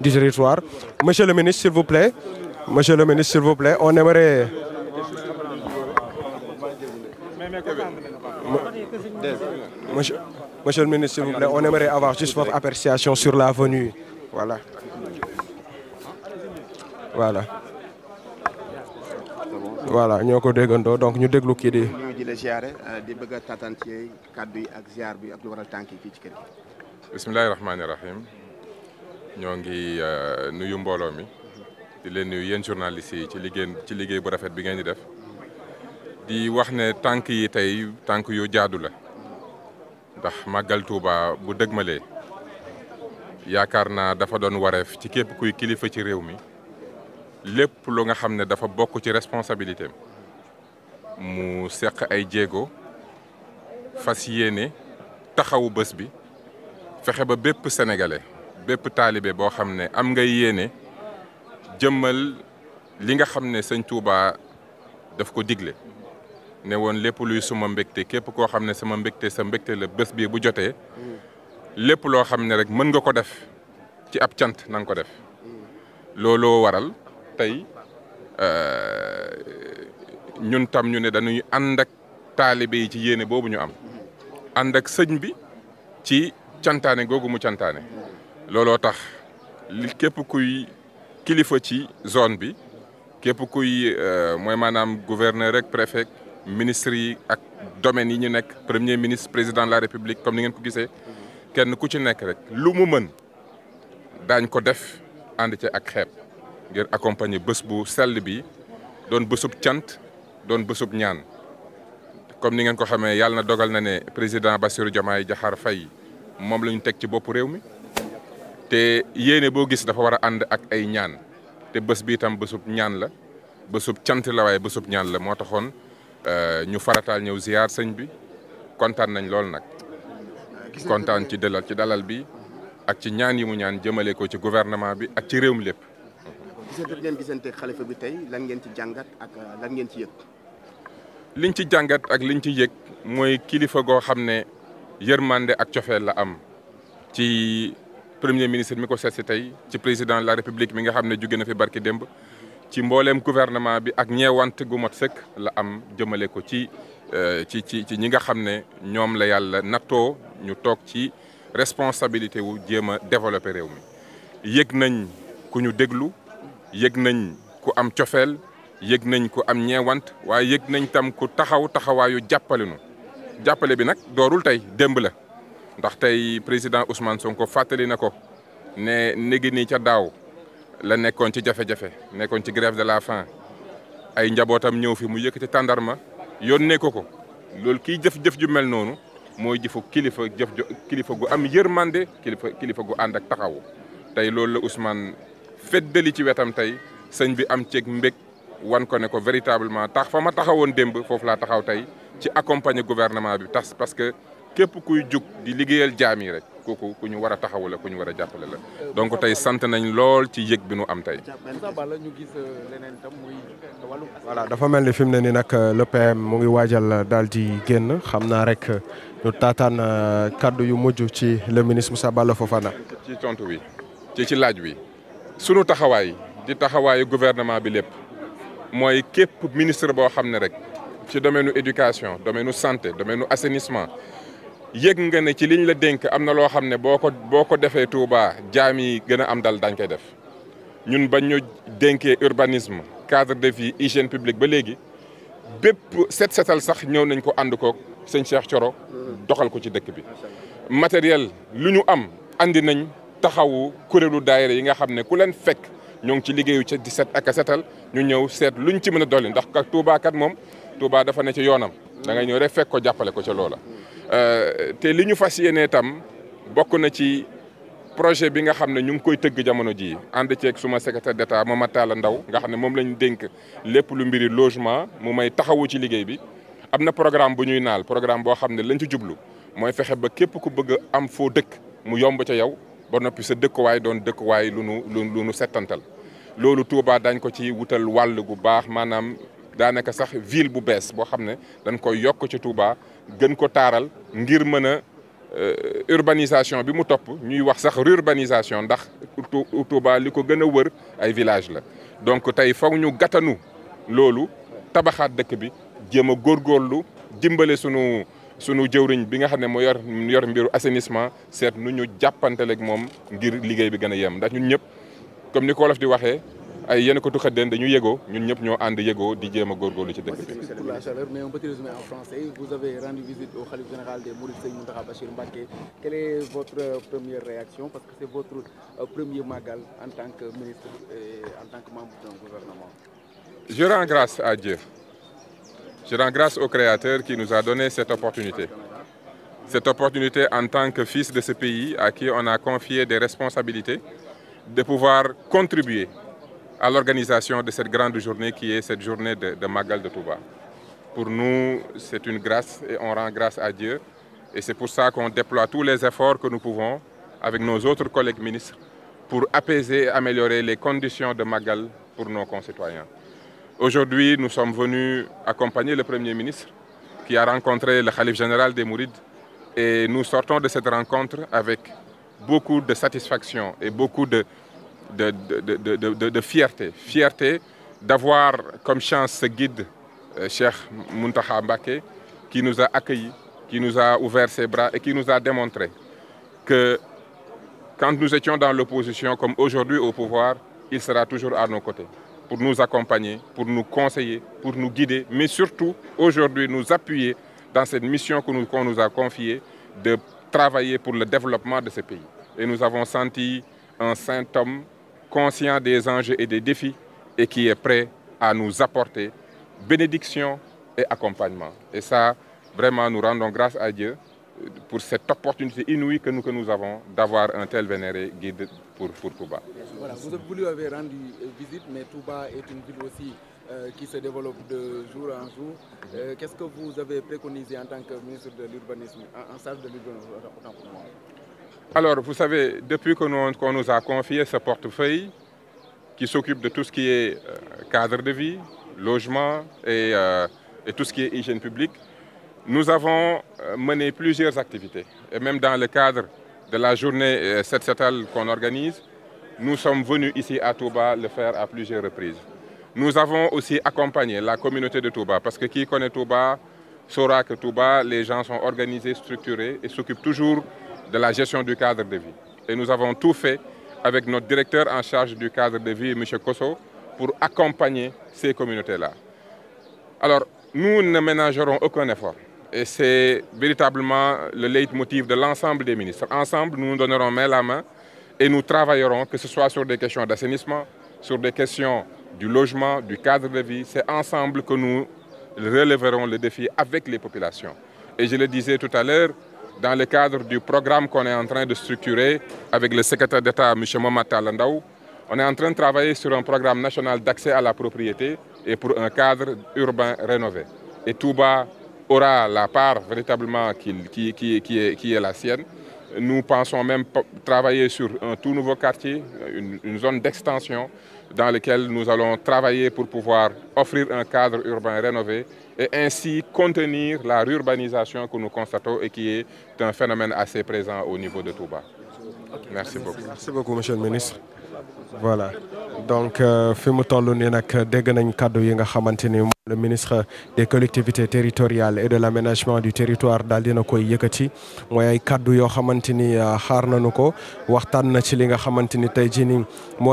du territoire. Monsieur le ministre, s'il vous plaît. Monsieur le ministre, s'il vous plaît, on aimerait... Monsieur, monsieur, le ministre, s'il vous plaît, on aimerait avoir juste votre appréciation sur la venue. Voilà. Voilà. voilà ñoo ko déggandoo donc ñu déglu kii di. ñu di la ziare euh, di bëgg a taataan ci kàddu yi ak ziar bi ak lu waral tànk yi fii ci kër gi. bismillahi rahmaani rahim. ñoo ngi euh, nuyu mbooloo mi di leen nuyu yéen journalistes yi ci liggéey ci liggéey bu rafet bi ngeen ni def di wax ne tànk yi tey tànk yu jaadu la ndax màggal Tuuba bu dëgmalee yaakaar naa dafa doon wareef ci képp kuy kilifa ci réew mi lépp lu nga xam ne dafa bokk ci responsabilité mu seq ay jéego fas yéene taxawu bés bi fexe ba bépp sénégalais. bépp taalibe boo xam ne am nga yéene jëmmal li nga xam ne sëñ Touba daf ko digle ne woon lépp luy suma mbégte képp koo xam ne sama mbégte sa mbégte la bés bii bu jotee lépp loo xam ne rek mën nga ko def ci ab cant na ko def looloo waral tey euh, ñun tam ñu ne dañuy ànd ak taalibe yi ci yéene boobu ñu am ànd ak sëñ bi ci cantaane googu mu cantaane looloo tax képp kuy kilifa ci zone bi képp kuy euh, mooy maanaam gouverneur rek préfet ministre yi ak domaines yi ñu nekk premier ministre président de la république comme ni ngeen ko gisee kenn ku ci nekk rek lu mu mën daañ ko def ànd ci ak xeeb ngir accompagner bés bu sell bi doon bésub cant doon bésub ñaan comme ni ngeen ko xamee yàlla na dogal na ne président Bassirou Diomaye Diakhar Faye moom la ñu teg ci bopp réew mi te yéene boo gis dafa war a ànd ak ay ñaan te bés bi itam bésub ñaan la bésub cant la waaye bésub ñaan la moo taxoon euh, ñu farataal ñëw ziar sëñ bi kontaan nañ lool nag. kontaan ci dalal ci dalal bi ak ci ñaan yi mu ñaan jëmale ko ci gouvernement bi ak ci réew mi lépp. gisante bi tey lan ngeen ci jàngat ak euh, lan ngeen ci yëg. liñ ci jàngat ak liñ ci yëg mooy kilifa goo xam ne yërmande ak cofeel la am ci. premier ministre mi ko seet si tey ci président la république mi nga xam ne jóge na fi barki démb ci mbooleem gouvernement bi ak ñeewant gu mot sëkk la am jëmale ko ci euh, ci ci ci ñi nga xam ne ñoom la yàlla nattoo ñu toog ci responsabilité wu jéem a développé réew mi yëg nañ ku ñu déglu yëg nañ ku am cofeel yëg nañ ku am ñeewant waaye yëg nañ tam ku taxaw taxawaayu jàppale jàppalinu jàppale bi nag doorul tey démb la ndax tey président Ousmane Sonko fàttali na ko ne néegi nii ca daaw la nekkoon ci jafe-jafe nekkoon ci grève de la faim ay njabootam ñëw fi mu ci tàndarma yónnee ko ko loolu kii jëf-jëf ju mel noonu mooy jëfu kilifa jëf kilifa gu am yërmande kilifa kilifa gu ànd ak taxawu tey loolu la Ousmane feddali ci wetam tey sëñ bi am ceeg mbég wan ko ne ko véritablement tax fa ma taxawoon démb foofu laa taxaw tey ci accompagner gouvernement bi tas képp kuy jug di liggéeyal jaam yi rek kooku ku ñu war a taxawule la ñu war a jàppale la donc tey sant nañ lool ci yëg bi nu am tey. Euh, voilà dafa mel ni fi mu ne nii nag euh, le PM mu ngi waajal euh, daal di génn xam naa rek ñu taataan kaddu yu mujj ci le ministre Moussa Balla Fofana. ci tontu bi ci ci laaj wi sunu taxawaay di taxawaayu gouvernement bi lépp mooy képp ministre boo xam ne rek ci domaine éducation domaine nu santé domaine nu assainissement. yëg nga ne ci liñ la dénk am na loo xam ne boo ko boo ko defee Touba jaam yi gën a am dal dañ koy def ñun bañ ñu dénkee urbanisme cadre de vie hygiène publique ba léegi bépp set setal sax ñëw nañ ko ànd koog sëñ Cheikh Thioro doxal ko ci dëkk bi matériel lu ñu am andi nañ taxawu kuréelu daayira yi nga xam ne ku leen fekk ñoo ngi ci liggéeyu ca di set ak setal ñu ñëw seet luñ ci mën a dolli ndax Touba kat moom Touba dafa ne ci yoonam da ngay ñëw rek fekk ko jàppale ko ca loola Euh, te li ñu fas yéene tam bokk na ci projet bi nga xam ne ñu ngi koy tëgg jamono jii ànd ceeg suma secrétaire d'État Mama Talla Ndaw nga xam ne moom lañ dénk lépp lu mbiri logement mu may taxawu ci liggéey bi am na programme bu ñuy naal programme boo xam ne lañ ci jublu mooy fexe ba képp ku bëgg am foo dëkk mu yomb ca yow ba noppi sa dëkkuwaay doon dëkkuwaay lu nu lu nu settantal loolu Touba dañ ko ci wutal wàll gu baax maanaam daanaka sax ville bu bees boo xam ne dañ koy yokk ci Touba gën ko taaral ngir mën a euh, urbanisation bi mu topp ñuy wax sax rurbanisation ndax Touba li ko gën a wër ay village la donc tey foog ñu gàttanu loolu tabaxaat dëkk bi jéem a góorgóorlu dimbale sunu sunu jëwriñ bi nga xam ne mooy yor yor mbiru assainissement seet nu ñu jàppanteleeg moom ngir liggéey bi gën a yem ndax ñu ñëpp comme ni ko wolof di waxee ay yenn ko tuxat den dañu yëgoo ñun ñëpp ñoo ànd yëgoo di jéem a góorgóorlu ci dëkk bi. la chaleur mais un petit résumé en français vous avez euh, première réaction parce que c'est euh, en tant que ministre et en tant que membre Je rends à Dieu. Je rends grâce au Créateur qui nous a donné cette Cette opportunité en tant que fils de ce pays à qui on a confié des responsabilités de pouvoir contribuer à l'organisation de cette grande journée qui est cette journée de, de Magal de Touba. Pour nous, c'est une grâce et on rend grâce à Dieu. Et c'est pour ça qu'on déploie tous les efforts que nous pouvons avec nos autres collègues ministres pour apaiser et améliorer les conditions de Magal pour nos concitoyens. Aujourd'hui, nous sommes venus accompagner le Premier ministre qui a rencontré le Khalif général des Mourides et nous sortons de cette rencontre avec beaucoup de satisfaction et beaucoup de, de, de, de fierté. Fierté d'avoir comme chance ce guide, euh, Cheikh Muntaha Mbake, qui nous a accueillis, qui nous a ouvert ses bras et qui nous a démontré que nous étions dans l'opposition, comme aujourd'hui au pouvoir, il sera toujours à nos côtés pour nous accompagner, pour nous conseiller, pour nous guider, mais surtout aujourd'hui nous appuyer dans cette mission qu'on nous, qu nous a confiée de travailler pour le développement de ce pays. Et nous avons senti un saint conscient des enjeux et des défis et qui est prêt à nous apporter bénédiction et accompagnement. Et ça, vraiment, nous rendons grâce à Dieu pour cette opportunité inouïe que nous, que nous avons d'avoir un tel vénéré guide pour, pour Touba. Voilà, vous, vous lui avez rendu euh, visite, aussi euh, qui se développe de jour en jour. Euh, mm-hmm. Qu'est-ce que vous avez préconisé en tant que ministre de l'urbanisme, en, en, salle de l'urbanisme Alors, vous savez, depuis qu'on nous, qu nous a confié ce portefeuille, qui s'occupe de tout ce qui est euh, cadre de vie, logement et, euh, et, tout ce qui est hygiène publique, nous avons euh, mené plusieurs activités. Et même dans le cadre de la journée 7-7 euh, qu'on organise, nous sommes venus ici à Touba le faire à plusieurs reprises. Nous avons aussi accompagné la communauté de Touba, parce que qui connaît Touba saura que Touba, les gens sont organisés, structurés et toujours de la gestion du cadre de vie. Et nous avons tout fait avec notre directeur en charge du cadre de vie, M. Kosso, pour accompagner ces communautés-là. Alors, nous ne ménagerons aucun effort. Et c'est véritablement le leitmotiv de l'ensemble des ministres. Ensemble, nous nous donnerons main la main et nous travaillerons, que ce soit sur des questions d'assainissement, sur des questions du logement, du cadre de vie. C'est ensemble que nous relèverons le défi avec les populations. Et je le disais tout dans le cadre du programme qu'on est en train de structurer avec le secrétaire d'État, M. Mamata Landaou. On est en train de travailler sur un programme national d'accès à la propriété et pour un cadre urbain rénové. Et Touba aura la part véritablement qui, qui, qui, qui est, est la sienne. Nous pensons même travailler sur un tout nouveau quartier, une, une zone d'extension dans laquelle nous allons travailler pour pouvoir offrir un cadre urbain rénové et ainsi contenir la rurbanisation que nous constatons et qui est un phénomène assez présent au niveau de Touba. Merci beaucoup. Merci beaucoup, monsieur le ministre. voilà donc euh, fi mu toll nii nag dégg nañ kàddu yi nga xamante ni. le ministre des collectivités territoriales et de l'aménagement du territoire daal dina koy yëkkati mooy ay kaddu yoo xamante ni ah, xaar nañu ko waxtaan na ci li nga xamante ni tey jii nii